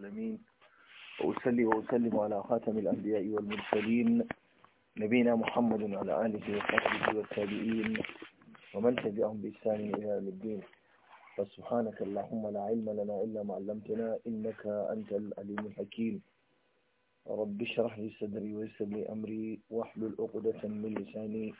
العالمين وأسلي وأسلم على خاتم الأنبياء والمرسلين نبينا محمد وعلى آله وصحبه والتابعين ومن تبعهم بإحسان إلى يوم الدين فسبحانك اللهم لا علم لنا إلا ما علمتنا إنك أنت العليم الحكيم رب اشرح لي صدري ويسر لي أمري واحلل عقدة من لساني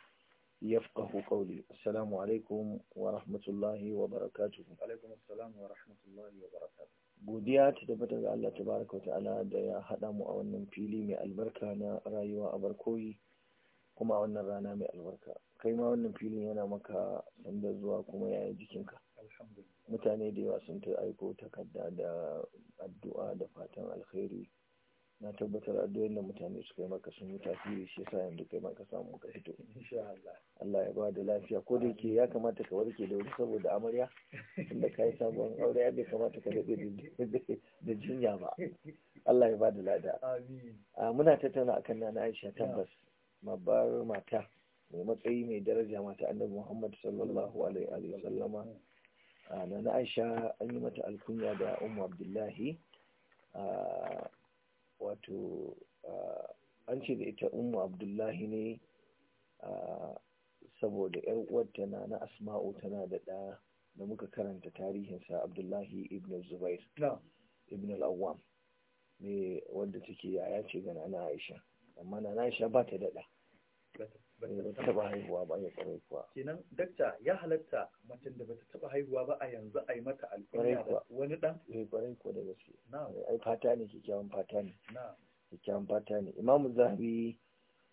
يفقه قولي السلام عليكم ورحمة الله وبركاته وعليكم السلام ورحمة الله وبركاته godiya ta tabbatar ga Allah tabaraka ta'ala da ya haɗa mu a wannan fili mai albarka na rayuwa a barkoyi kuma a wannan rana mai albarka kai ma wannan filin yana maka sanda zuwa kuma yayin jikinka mutane da yawa sun ta aiko takarda da addu'a da fatan alkhairi na tabbatar addu'o'in da mutane suka yi maka sun yi tasiri shi yasa yanzu kai maka samu ka fito insha Allah Allah ya bada lafiya ko da yake ya kamata ka warke da wuri saboda amarya tunda kai sabon aure ya bai kamata ka daɗe da jinya ba Allah ya bada lada amin muna tattauna akan nana Aisha tabbas mabar mata mai matsayi mai daraja mata annabi Muhammad sallallahu alaihi wa sallama nana Aisha an yi mata alkunya da Ummu Abdullahi wato an ce da ita umu abdullahi ne saboda yar uwarta na na asma'u tana da da da muka karanta tarihinsa abdullahi ibn zubair ibn al-awwam ne wadda take yaya ce ga nana aisha amma nana aisha ba ta da ban taba haihuwa ba ya kwarai kuwa kenan dakta ya halatta macen da bata taba haihuwa ba a yanzu a yi mata alƙawari da wani dan eh kwarai kuwa da gaske na'am eh, ai fata ne kyakkyawan fata ne na'am kikkiawan fata ne imam zahabi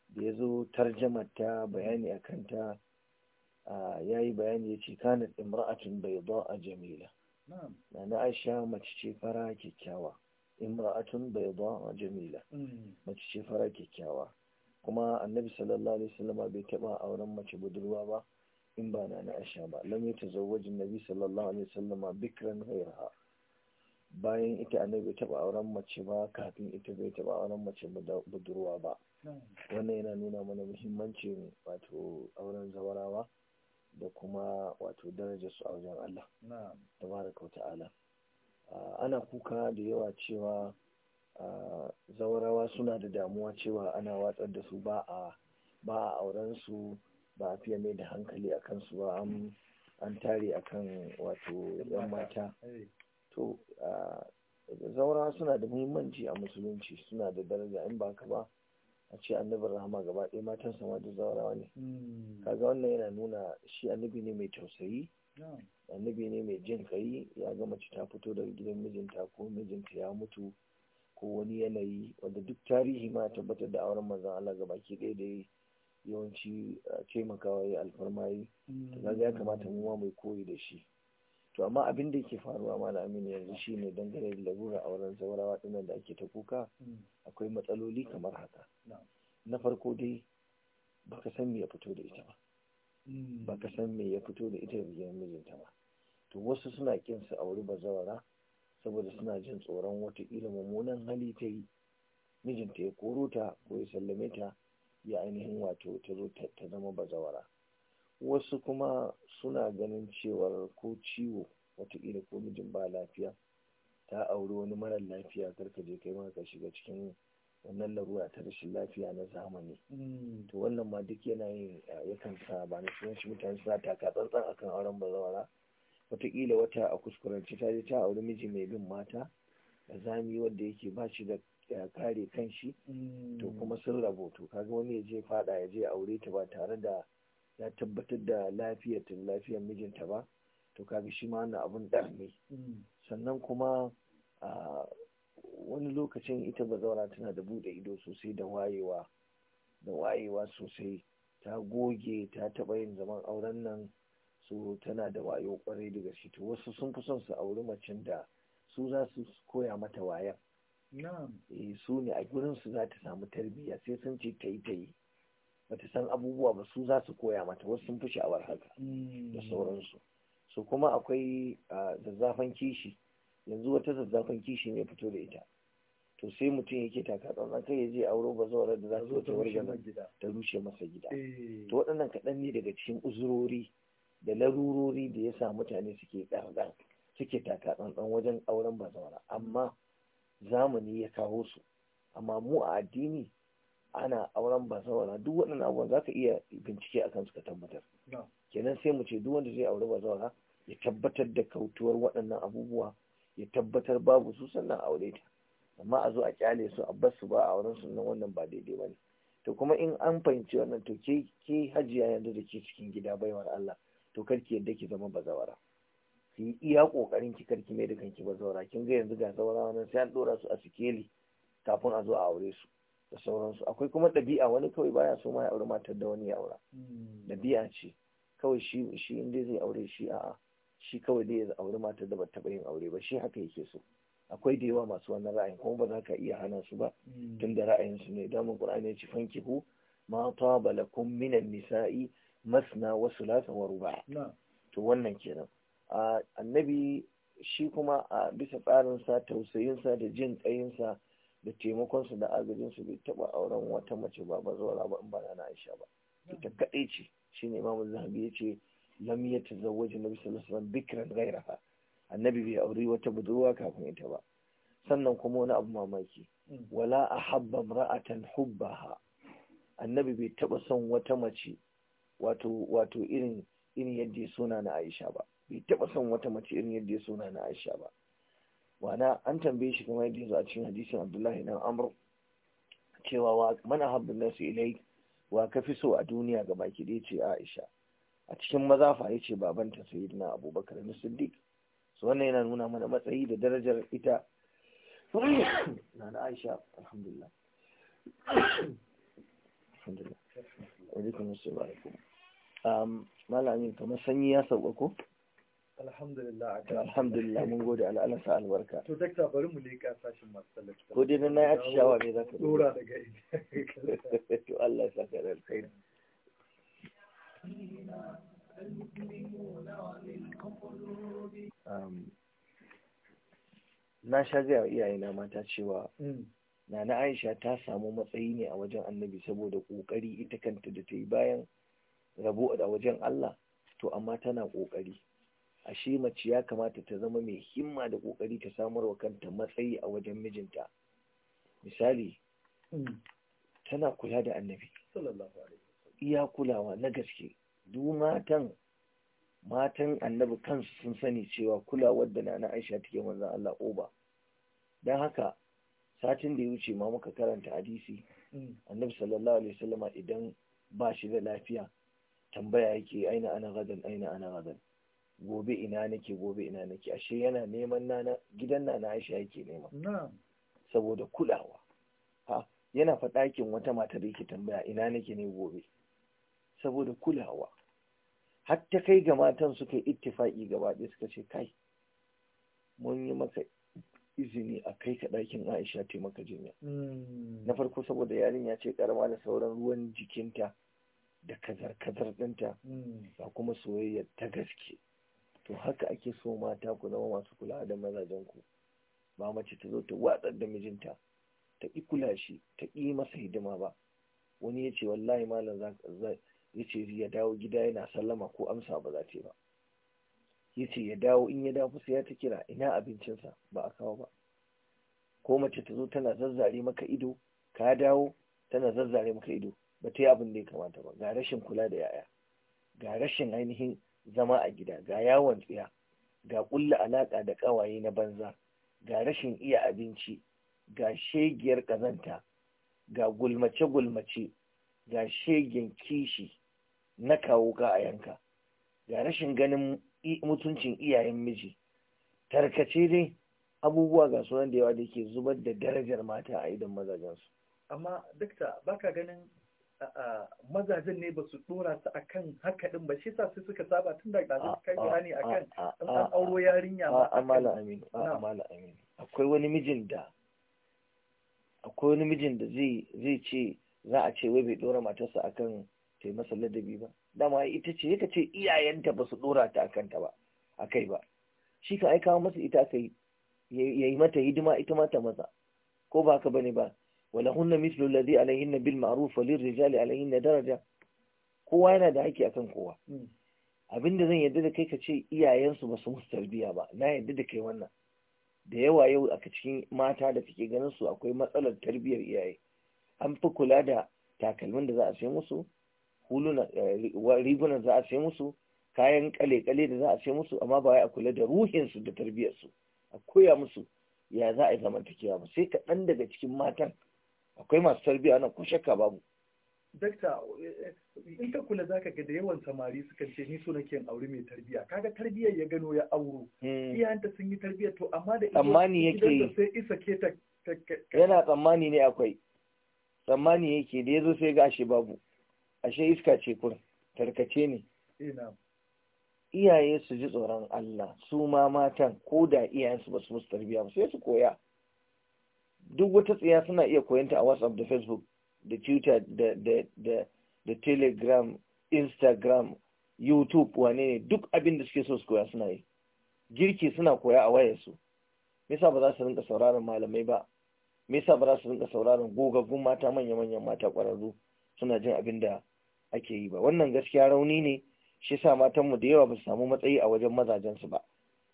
da ya zo tarjamar ta bayani a kanta ya yi bayani ya ce kanar imra'atun bai zo a jamila na na aisha mace ce fara kyakkyawa imra'atun bai zo a jamila mm. mace ce fara kyakkyawa kuma annabi sallallahu alaihi wasallam bai taba auren mace budurwa ba in ba na Aisha ba lam yatazawwaj annabi sallallahu alaihi wasallam bikran ghayraha bayan ita annabi bai taba auren mace ba kafin ita bai taba auren mace budurwa ba wannan yana nuna mana muhimmancin wato auren zawarawa da kuma wato darajar su a wajen Allah tabaraka ta'ala ah, ana kuka da yawa cewa zaurawa suna da damuwa cewa ana watsar da su ba a ba a auren su ba a fiye mai da hankali a kansu ba an tare a kan wato yan mata to zaurawa suna da muhimmanci a musulunci suna da daraja in ba ka ba a ce annabin rahama gaba ɗaya matan sama da zaurawa ne hmm. kaga wannan yana nuna shi annabi ne mai tausayi annabi ne mai jin kai ya ga mace ta fito daga gidan mijinta ko mijinta ya mutu ko wani yanayi wanda duk tarihi ma tabbatar da auren manzon Allah ga baki ɗaya da yawanci uh, taimakawa ya alfarma yi ya kamata mu ma mai koyi da shi to amma abin da yake faruwa malamin yanzu shi shine dangane da larura auren zaurawa dinnan da ake ta kuka mm. akwai matsaloli kamar haka na farko dai baka san me ya fito da ita ba mm. baka san me ya fito da ita da mijinta ba to wasu suna kin su auri bazawara saboda suna jin tsoron wata wataƙila mummunan hali ta yi mijinta ya koro ta ko ya sallame ta ya ainihin wato ta zo ta zama bazawara wasu kuma suna ganin cewa ko ciwo wataƙila ko mijin ba lafiya ta auri wani mara lafiya karka je kai ma ka shiga cikin wannan larura ta rashin lafiya na zamani mm. to wannan ma duk yana yin yakan sa ba na shi mutane suna taka tsantsan akan auren bazawara wataƙila wata a kuskurance ta je ta auri miji mai bin mata da zami wanda yake ba shi da eh, kare kan shi mm. to kuma sun rabu to kaga wani ya je faɗa ya je aure ta ba tare da ya tabbatar da lafiyar lafiyar mijinta ba to kaga shi ma wannan abun ne mm. sannan kuma a wani lokacin ita ba bazaura tana da buɗe ido sosai da wayewa da wayewa sosai ta goge ta taɓa yin zaman auren nan so tana da wayo kwarai da gaske to wasu sun fi son su auri macen da su za su koya mata wayan eh su ne a gurin su za ta samu tarbiyya sai sun ce ta yi ta yi bata san abubuwa ba su za su koya mata wasu sun fi sha'awar haka da mm. sauransu so kuma akwai zazzafan kishi yanzu wata zazzafan kishi ne fito da ita to sai mutum yake taka tsantsan kai ya je auro ba zuwa da za su ta warga ta rushe masa gida eh. to waɗannan kaɗan ne daga cikin uzurori da larurori da ya sa mutane suke ƙarɗan suke taka tsantsan wajen auren bazawara amma zamani ya kawo su amma mu a addini ana auren bazawara duk waɗannan abubuwan za ka iya bincike a kansu ka tabbatar kenan sai mu ce duk wanda zai aure bazawara ya tabbatar da kautuwar waɗannan abubuwa ya tabbatar babu su sannan aure ta amma a zo a kyale su a bar su ba a auren su nan wannan ba daidai ba ne to kuma in an fahimci wannan to ke hajiya yanzu da ke cikin gida baiwar Allah to karki yadda ki zama bazawara Ki yi iya kokarin ki karki mai da kanki bazawara kin ga yanzu ga zawara nan sai an dora su a sikeli kafin a zo a aure su da sauransu akwai kuma ɗabi'a wani kawai baya so ma ya aure matar da wani ya aura hmm. ɗabi'a ce kawai shi shi inda zai aure shi a'a shi kawai dai ya aure matar da ba taɓa yin aure ba shi haka yake so akwai da yawa masu wannan ra'ayin kuma ba za ka iya hana su ba hmm. Tunda da ra'ayin su ne damun qur'ani ya ci fankihu ma taba lakum minan nisa'i masna wasu sulasa wa ruba to wannan kenan annabi shi kuma a bisa tsarinsa tausayinsa da jin ƙayinsa da taimakonsa da agajinsa bai taɓa auren wata mace ba ba zuwa ba in ba na aisha ba ita kaɗai ce shi ne imamu zahabi ya ce lam ta tazawwaji na sallallahu alaihi wasallam bikran gairafa annabi bai auri wata budurwa kafin ita ba sannan kuma wani abu mamaki mm. wala a ahabba hubba hubbaha annabi bai taba son wata mace wato wato irin irin yadda ya suna na Aisha ba bai taba son wata mace irin yadda ya suna na Aisha ba wana an tambaye shi kamar yadda yazo a cikin hadisin Abdullahi ibn Amr cewa wa man ahabbu nasu ilai wa kafi so a duniya ga baki dai ce Aisha a cikin maza fa yace babanta sayyidina Abubakar ibn Siddiq so wannan yana nuna mana matsayi da darajar ita na na Aisha alhamdulillah alhamdulillah alaikum assalam Um, malamin kamar sanyi ya sauka ko alhamdulillah mun gode Allah sa albarka to dakta bari mu leka sashin masu talaka ko dai nan ya ci shawa ne zaka dora daga ina to Allah ya saka da alkhairi um, na sha gaya wa iyayena mata cewa mm. na na Aisha ta samu matsayi ne a wajen annabi saboda kokari ita kanta da ta yi bayan rabu da wajen Allah to amma tana ƙoƙari ashe mace ya kamata ta zama mai himma da ƙoƙari ta samar wa kanta matsayi a wajen mijinta misali hmm. tana kula da annabi iya kulawa na gaske duk matan matan annabi kansu sun sani cewa kulawar da na aisha take manzon Allah oba dan haka satin da ya wuce ma muka karanta hadisi hmm. annabi sallallahu alaihi wasallam idan ba shi da lafiya tambaya yake aina ana gadan aina ana gadan gobe ina nake gobe ina nake ashe yana neman nana gidan nana Aisha yake nema saboda kulawa ha yana faɗakin wata mata da yake tambaya ina nake ne gobe saboda kulawa har kai ga matan suka yi ittifaki gaba ɗaya suka ce kai mun yi maka izini a kai ka ɗakin Aisha taimaka jinya mm. na farko saboda yarinya ce karama da sauran ruwan jikinta da kazar-kazar ɗinta ba hmm. kuma soyayya ta gaske to haka ake so mata ku zama masu kula da mazajen ku ba mace ta zo ta watsar da mijinta ta ƙi kula shi ta ƙi masa hidima ba wani ya ce wallahi malam ya ce ya dawo gida yana sallama ko amsa ba za ta ba ya ce ya dawo in ya dawo sai ya ta kira ina abincinsa ba a kawo ba ko mace ta zo tana zazzare maka ido ka dawo tana zazzare maka ido ba ta yi abin da ya kamata ba ga rashin kula da yaya ga rashin ainihin zama a gida ga yawon tsiya ga ƙulla alaƙa da ƙawaye na banza ga rashin iya abinci ga shegiyar ƙazanta ga gulmace-gulmace ga shegen kishi na kawo ka a yanka ga rashin ganin mutuncin iyayen miji tarkace dai abubuwa ga sunan da yawa da ke zubar da darajar mata a idan mazajensu amma dukta baka ganin mazajen ne ba su dora su akan haka din ba shi sa sai suka saba tun da ɗazu kai ne akan kan an auro yarinya ba amala aminu amala aminu akwai wani mijin da akwai wani mijin da zai ce za a ce wai bai dora matarsa akan ta yi masa ladabi ba dama ita ce ya ce iyayenta ba su dora ta akanta ta ba kai ba shi ka aika masa ita aka ya yi mata hidima ita mata maza ko ba ka bane ba ولهن مثل الذي عليهن bil وللرجال عليهن rijali alayhinna daraja kowa yana da haƙƙi akan kowa abinda zan yadda da kai ka ce iyayensu ba su musu tarbiyya ba na yadda da kai wannan da yawa yau a cikin mata da suke ganin su akwai matsalar tarbiyyar iyaye an fi kula da takalmin da za a ce musu huluna rigunan za a ce musu kayan kale-kale da za a ce musu amma ba wai a kula da ruhinsu da tarbiyyarsu a koya musu ya za a yi zamantakewa ba sai kaɗan daga cikin matan akwai masu tarbiya nan ko shakka babu dakta eh, in ka kula zaka ga da yawan samari sukan ce ni so nake yin aure mai tarbiya kaga tarbiyar ya gano ya auro hmm. iyayenta sun yi tarbiya to amma da tsammani yake sai isa ke ta yana tsammani ne akwai tsammani yake da yazo sai ga ashe babu ashe iska ce kun tarkace ne eh, iyaye su ji tsoron Allah su ma matan ko da iyayensu ba su musu tarbiya ba sai su koya duk wata tsiya suna iya koyanta a whatsapp da facebook da twitter da, telegram instagram youtube wane ne duk abin da suke so su koya suna yi girki suna koya a wayarsu me yasa ba za su rinka sauraron malamai ba me ba za su rinka sauraron gogaggun mata manya-manyan mata kwararru suna jin abin da ake yi ba wannan gaskiya rauni ne shi sa matanmu da yawa ba su samu matsayi a wajen mazajensu ba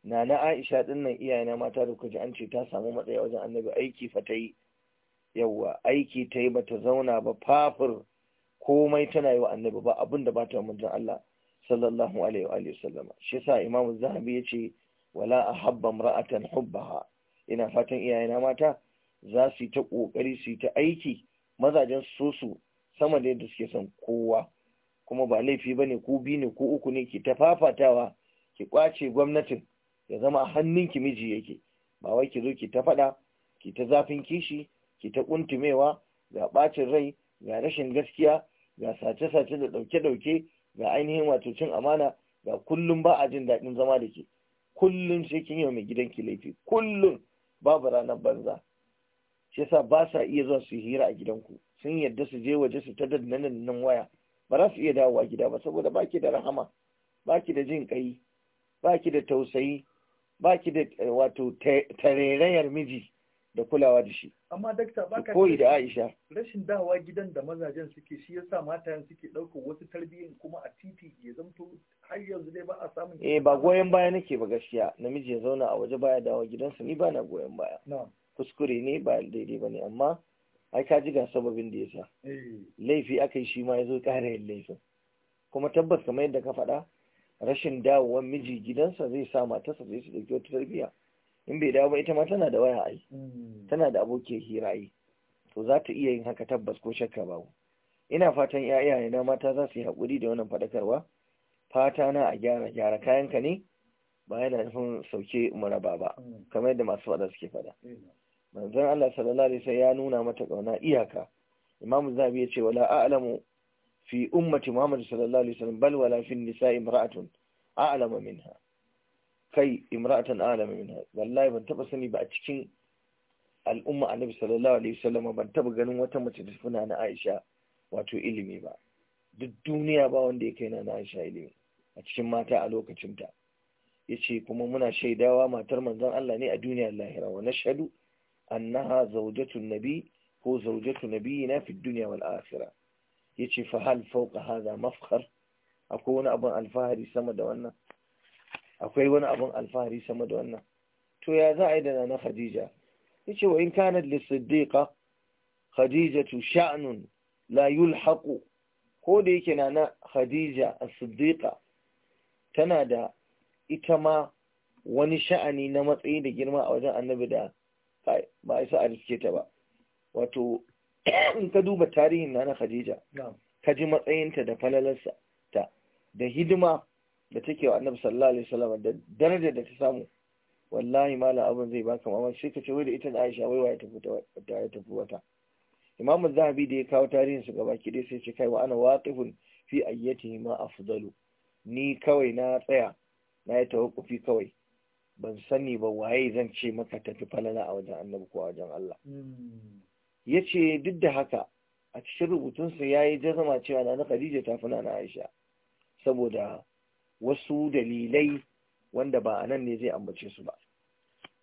nana Aisha din nan iyayena mata da kuji an ce ta samu matsayi wajen annabi aiki fa ta yi yawa aiki ta yi bata zauna ba fafur komai tana yi wa annabi ba abin da bata manzon Allah sallallahu alaihi wa alihi sallama shi yasa Imam Zahabi yace wala ahabba imra'atan hubbaha ina fatan iyayena mata za su yi ta kokari su yi ta aiki mazajen su su sama da yadda suke son kowa kuma ba laifi bane ku bi ne ko uku ne ki ta fafatawa ki kwace gwamnatin ya zama a hannunki miji yake ba wai ki zo ki ta faɗa ki ta zafin kishi ki ta kuntumewa ga ɓacin rai ga rashin gaskiya ga sace-sace da ɗauke-ɗauke ga ainihin wato cin amana ga kullum ba a jin daɗin zama da ke kullum sai kin yi mai ki laifi kullum babu ranar banza shi yasa ba sa iya zuwa su hira a gidanku sun yadda su je waje su ta daddanan nan waya ba za su iya dawowa gida ba saboda baki da rahama baki da jin kai baki da tausayi ba ki da eh, wato tarerayar miji da kulawa da shi amma dakta ba ka da Aisha rashin dawa gidan da mazajen suke shi yasa matayen suke ɗaukar wasu tarbiyyar kuma a titi ya zamto har yanzu dai ba a samun eh ba goyon baya nake ba gaskiya namiji ya zauna a waje baya dawa gidansa ni ba na goyon baya kuskure ne ba daidai ba ne amma ai ka ji ga sababin da sa. Eh. laifi aka yi shi ma ya zo ƙara yin laifin kuma tabbas kamar yadda ka faɗa rashin dawowar miji gidansa zai sa matarsa zai su dauki wata tarbiyya in bai dawo ba ita ma tana da waya ai hmm. tana da abokin hira ai to za ta iya yin haka tabbas ko shakka ba ina fatan ƴaƴaye na mata za su yi hakuri da wannan fadakarwa. fata na a gyara gyara kayan ka ne ba yana nufin sauke maraba ba hmm. kamar yadda masu faɗa suke faɗa hmm. manzon Allah sallallahu alaihi wasallam ya nuna mata kauna iyaka imamu zabi ya ce wala a'lamu fi ummati Muhammad sallallahu alaihi wasallam bal wala fi nisa imra'atun a'lamu minha kai imra'atan a'lamu minha wallahi ban taba sani ba a cikin al'umma annabi sallallahu alaihi wasallam ban taba ganin wata mace da suna na Aisha wato ilimi ba duk duniya ba wanda ya kai na Aisha ilimi a cikin mata a lokacin ta yace kuma muna shaidawa matar manzon Allah ne a duniyar lahira wa nashhadu annaha zawjatun nabi ko zawjatu nabiyina fi dunya wal akhirah yace fa hal fawqa hadha mafkar akwai wani abin alfahari sama da wannan akwai wani abin alfahari sama da wannan to ya za a yi da nana khadija ce wa in kanat Khadija khadijatu sha'anun la haƙo ko da yake nana khadija a siddiƙa tana da ita ma wani sha'ani na matsayi da girma a wajen annabi da ba a isa a riske ta ba wato in ka duba tarihin nana khadija ka ji matsayinta da falalarsa ta da hidima da take wa annabi sallallahu alaihi wasallam da darajar da ta samu wallahi mala abin zai baka mamaki sai ka wai da ita da Aisha wai wai tafi ta wai wata Imam Zahabi da ya kawo tarihin su gaba ki dai sai ce kai wa ana waqifun fi ayyatihi ma afdalu ni kawai na tsaya na yi tawakkufi kawai ban sani ba waye zan ce maka tafi falala a wajen annabi ko a wajen Allah hmm. ya ce duk da haka a cikin rubutunsa ya yi jazama cewa na na khadija ta fina na aisha saboda wasu dalilai wanda ba a nan ne zai ambace su ba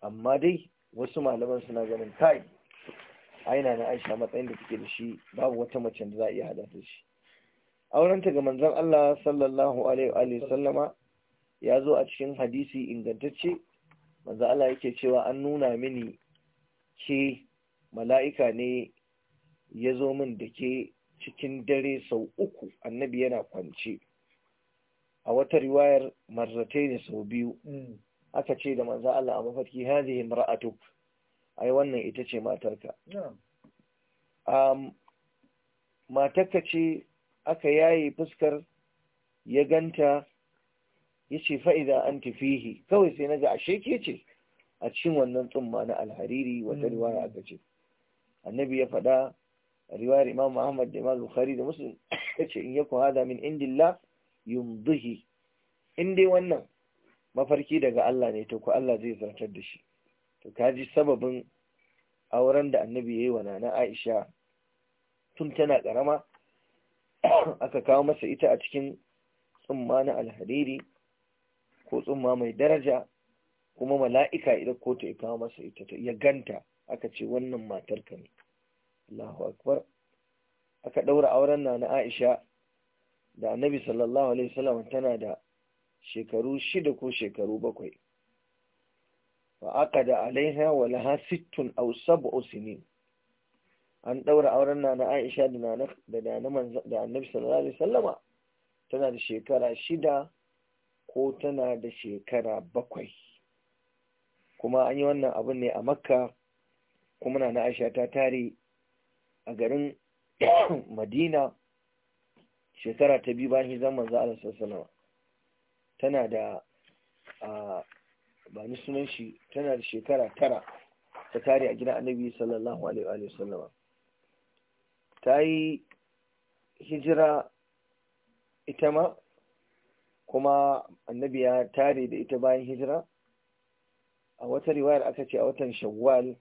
amma dai wasu malaman suna ganin kai aina na aisha matsayin da take da shi babu wata mace da za a iya hada da shi aurenta ga manzon Allah sallallahu alaihi wa sallama ya zo a cikin hadisi ingantacce manzon Allah yake cewa an nuna mini ke mala'ika ne ya zo min da ke cikin dare sau uku annabi yana kwance a wata riwayar Marzatai ne sau biyu hmm. aka ce da manza Allah a mafarki hadhihi mar'atu. ai wannan ita ce matarka matarka ce aka yaye fuskar ya ganta ya ce idza an tafihi kawai sai naga ashe ke ce a cin wannan tsumma na alhariri wata hmm. riwaya aka ce annabi ya faɗa riwayar imam Muhammad da imam Bukhari da Muslim yace in yakun hada min indillah yumdihi in dai wannan mafarki daga Allah ne to ko Allah zai zartar da shi to kaji sababin auren da annabi yayi wa nana Aisha tun tana karama aka kawo masa ita a cikin tsumma na alhariri ko tsumma mai daraja kuma mala'ika idan ko ta kawo masa ita ya ganta aka ce wannan matarka ne Allahu akbar aka daura auren na na Aisha da Annabi sallallahu alaihi wasallam tana da shekaru shida ko shekaru bakwai fa aka da alaiha wa laha sittun aw sab'u sinin an daura auren na na Aisha da na da da Annabi sallallahu alaihi wasallama tana da shekara shida ko tana da shekara bakwai kuma an yi wannan abin ne a makka kuma na aisha ta tare a garin madina shekara ta biyu bayan hijiran manzo Allah sallallahu tana da ba ni sunan shi tana da shekara tara ta tare a gina annabi sallallahu alaihi wa sallama ta yi hijira ita ma kuma annabi ya tare da ita bayan hijira a wata riwayar aka ce a watan shawwal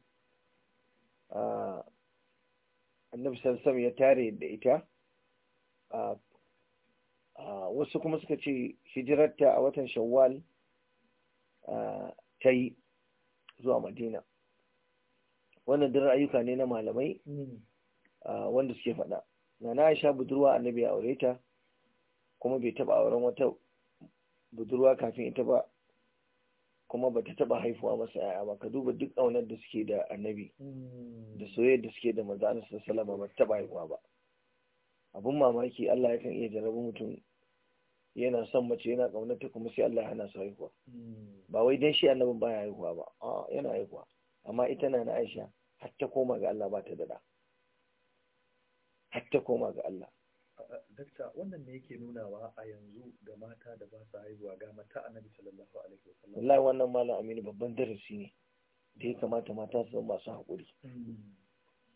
annabi sallallahu ya tare da ita wasu kuma suka ce hijirarta a watan shawwal ta yi zuwa madina wannan duk ayyuka ne na malamai hmm. wanda suke faɗa na na aisha budurwa annabi ya aure ta kuma bai taɓa auren wata budurwa kafin ita ba kuma bata taba haifuwa masa yaya ba ka duba duk ƙaunar da suke da annabi hmm. da soyayya da suke da manzo Allah sallallahu alaihi ta taba haifuwa ba abun mamaki Allah ya yakan iya jarabu mutum yana son mace yana kaunata kuma sai Allah ya hana su haihuwa hmm. ba wai dan shi annabin baya haihuwa ba a yana haihuwa amma ita na na Aisha har ta koma ga Allah ba ta dada har ta koma ga Allah dakta wannan ne yake nunawa a yanzu ga mata da ba su haihuwa ga mata annabi sallallahu alaihi wasallam wallahi wannan malam aminu babban darasi ne da ya kamata mata su zama masu haƙuri mm.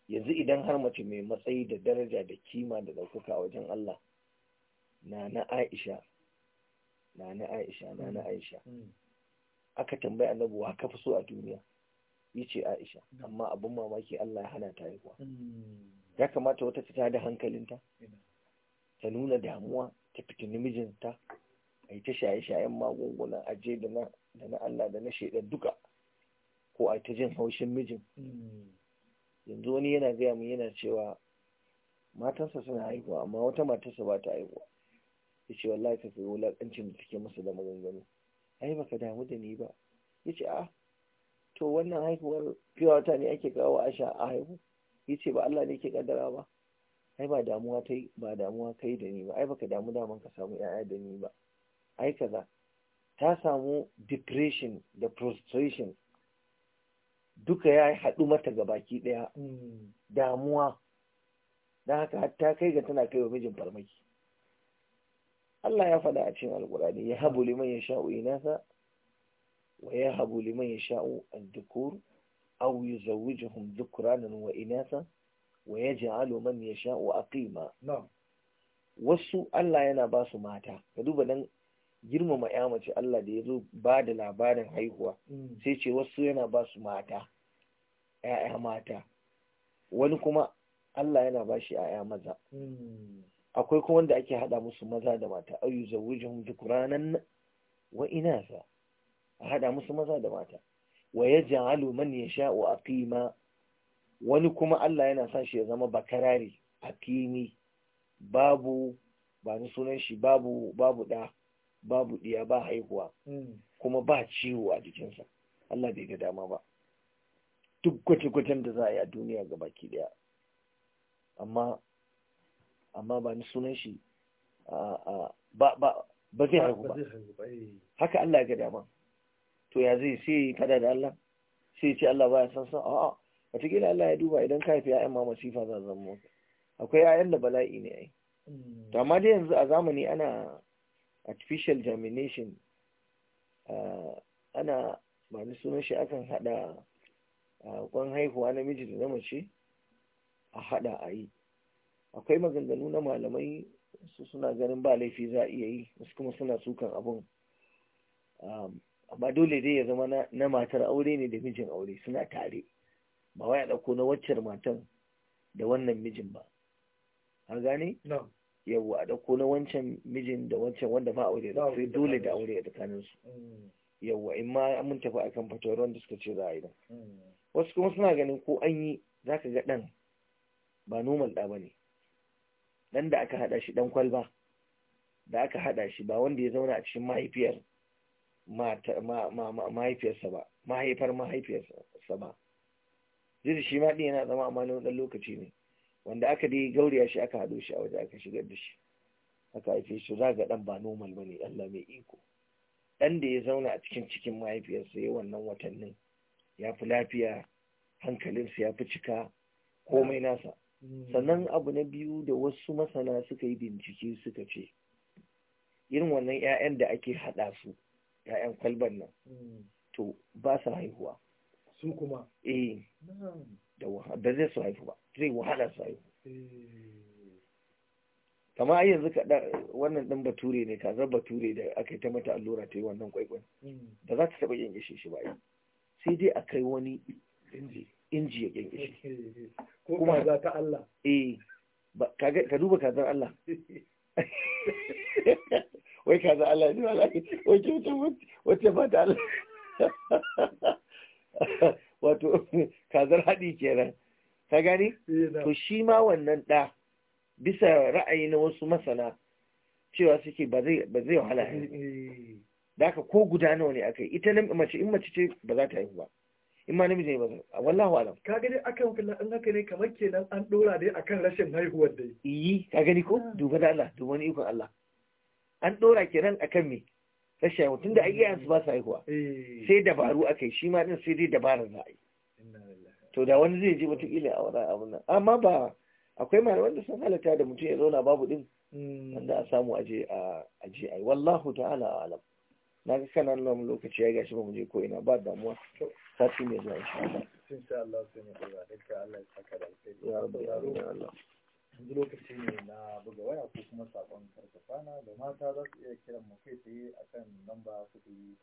yanzu idan har mace mai matsayi da daraja da kima da ɗaukaka wajen Allah na na Aisha na na Aisha na na Aisha mm. Mm. aka tambayi annabi wa fi so a duniya yace Aisha amma abin mamaki Allah ya hana ta haihuwa ya kamata wata ta da hankalinta ta nuna damuwa ta fitini mijinta a yi ta shaye-shayen magunguna a je da na Allah da na shaidar duka ko a yi ta jin haushin mijin yanzu wani yana gaya mun yana cewa matansa suna haihuwa amma wata matarsa ba ta haihuwa ya ce wallahi ka kai wulaƙancin da take masa da maganganu ai baka damu da ni ba ya ce a ah, to wannan haihuwar fiye wata ne ake kawo a sha a haihu ya ce ba Allah ne ke kaddara ba ai ba damuwa ba damuwa kai da ni ba ai baka damu daman ka samu yaya da ni ba ai kaza ta samu depression da prostration duka ya haɗu mata ga baki ɗaya mm. damuwa da haka ta kai ga tana kai wa mijin farmaki Allah ya faɗa a cikin alkurani ya habu liman ya sha'u inasa wa ya habu liman ya sha'u al-dukur aw yuzawwijuhum dhukranan wa inasa wa ya ji man ya sha'u a ma. wasu Allah yana ba su mata ka duba nan girmama ya mace Allah da ya zo ba da labarin haihuwa sai ce wasu yana ba su mata ‘ya'ya mata wani kuma Allah yana ba shi ‘ya'ya maza akwai kuma wanda ake haɗa musu maza da mata ayu zawujin dukuranan wa za? a haɗa musu maza da mata wa ya ja'alu man ya sha'u a ƙima wani kuma Allah yana son shi ya zama bakarari a fini babu ba ni sunan shi babu babu da babu diya ba haihuwa hmm. kuma ba ciwo a jikinsa Allah bai ga dama ba duk kwace-kwacen da za a yi a duniya ga baki daya amma amma ba ni sunan shi ba ba ba zai haihu ba eh. haka Allah ya ga dama to ya zai sai fada da Allah sai ce Allah ya san san a'a wataƙila Allah ya duba idan ka haifi ‘ya'yan ma masifa za zan mota akwai ‘ya'yan da bala'i ne ai to amma dai yanzu a zamani ana artificial germination ah, ana ba ni sunan shi akan haɗa ah, kwan haihuwa na miji da na mace a haɗa a yi akwai maganganu na malamai su suna ganin ba laifi za iya yi wasu kuma suna sukan abun ah, amma dole dai ya zama na matar aure ne da mijin aure suna tare ba wai a ɗauko na waccar matan da wannan mijin ba an gane yawo a ɗauko na wancan mijin da wancan wanda ba aure da sai dole da aure a tsakanin su mm. yawo in ma mun tafi kan fatawar wanda suka ce za a yi mm. wasu kuma suna ganin ko an yi za ka ga ɗan ba nomal ɗa ba ne ɗan da aka haɗa shi ɗan kwalba da aka haɗa shi ba wanda ya zauna a cikin mahaifiyar mahaifiyarsa ba mahaifar mahaifiyarsa ba jirgin shi ma din yana zama amma na dan lokaci ne wanda aka dai gauriya shi aka hado shi a waje aka shigar da shi aka haife shi za ga dan ba normal bane Allah mai iko Ɗan da ya zauna a cikin cikin mahaifiyarsa ya wannan watannin ya fi lafiya hankalinsa ya fi cika komai nasa sannan abu na biyu da wasu masana suka yi bincike suka ce irin wannan 'ya'yan da ake haɗa su 'ya'yan kwalban nan hmm. to ba su haihuwa su kuma eh da zai su haifu ba zai wahala su haifu eh. kama ai yanzu ka wannan din bature ne kazar bature da aka yi ta mata allura ta yi wannan kwaikwai da mm. za ta taba yin ishe shi ba sai dai a kai wani inji ya yin ishe kuma za ta Allah eh ka duba kazar Allah wai kazar Allah ne ba wai kyautar wace ba ta Allah wato kazar haɗi kenan ka gani eh, to shi ma wannan ɗa bisa ra'ayi na wasu masana cewa suke ba zai wahala eh. da aka ko guda nawa ne aka yi ita na mace in mace ce ba za ta haihu ba in ma namiji ne ba a wallahu alam ka gani akan kallon an haka ne kamar kenan an dora dai akan rashin haihuwar dai yi ka gani ko ah. duba da Allah duba ni ikon Allah an dora kenan akan me rashin haihuwa tunda ayi basu ba su haihuwa sai dabaru aka yi shi ma ɗin sai dai dabarar za a yi to da wani zai je wataƙila a wani abu nan amma ba akwai malamai wanda sun halatta da mutum ya zauna babu ɗin. Hmm. wanda a samu aje a je a yi wallahu ta'ala alam na ga kana nuna mu lokaci ya gashi ba mu je ko ina ba damuwa sati mai zuwa insha Allah insha yanzu lokaci ne na buga waya ko kuma saƙon karfafa na da mata za su iya kiran mu kai tsaye akan lamba sufuri